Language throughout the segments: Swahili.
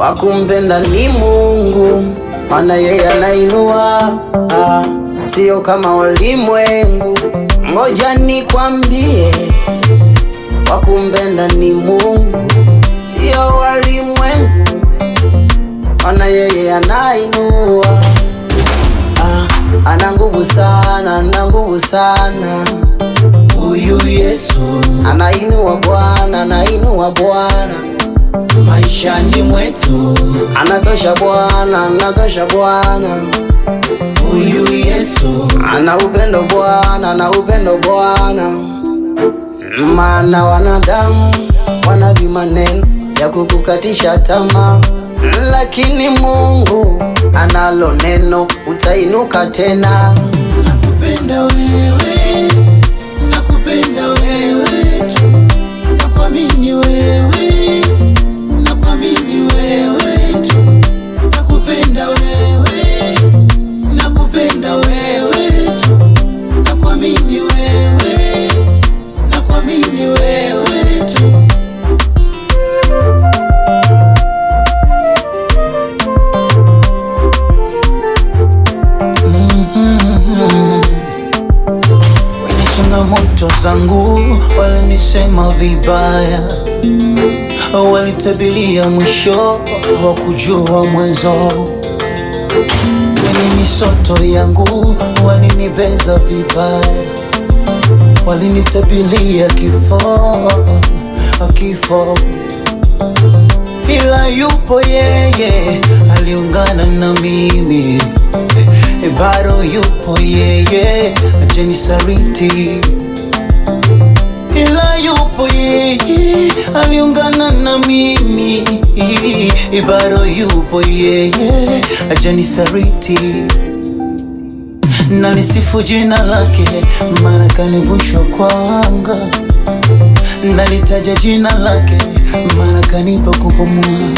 wakumpenda ni Mungu, maana yeye anainua, ah, sio kama walimwengu. Ngoja nikwambie, wakumpenda ni Mungu, sio walimwengu, maana yeye anainua, ah, ana nguvu sana, ana nguvu sana huyu Yesu, anainua Bwana, anainua Bwana maisha ni mwetu. Anatosha Bwana, anatosha Bwana, huyu Yesu ana upendo Bwana, ana upendo Bwana. Maana wanadamu wana vimaneno ya kukukatisha tamaa, lakini Mungu analo neno, utainuka tena. Nakupenda wewe changamoto zangu, walinisema vibaya, walitabilia mwisho, kujua mwanzo. Kwenye misoto yangu walinibeza vibaya, walinitabilia kifo, kifo, ila yupo yeye, aliungana na mimi, bado yupo yeye sariti, ila yupo yeye aliungana na mimi, ibaro yupo yeye sariti na nisifu jina lake, mara kanivushwa kwa anga, nalitaja jina lake, mara kanipa kupumua.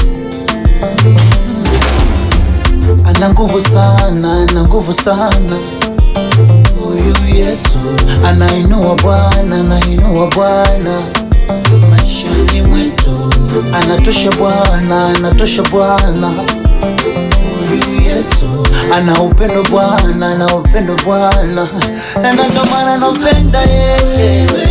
Ana nguvu sana, ana nguvu sana Huyu Yesu anainua Bwana, anainua Bwana maishani mwetu, anatosha Bwana, anatosha Bwana. Huyu Yesu ana upendo Bwana, ana upendo Bwana, na ndio maana nampenda yeye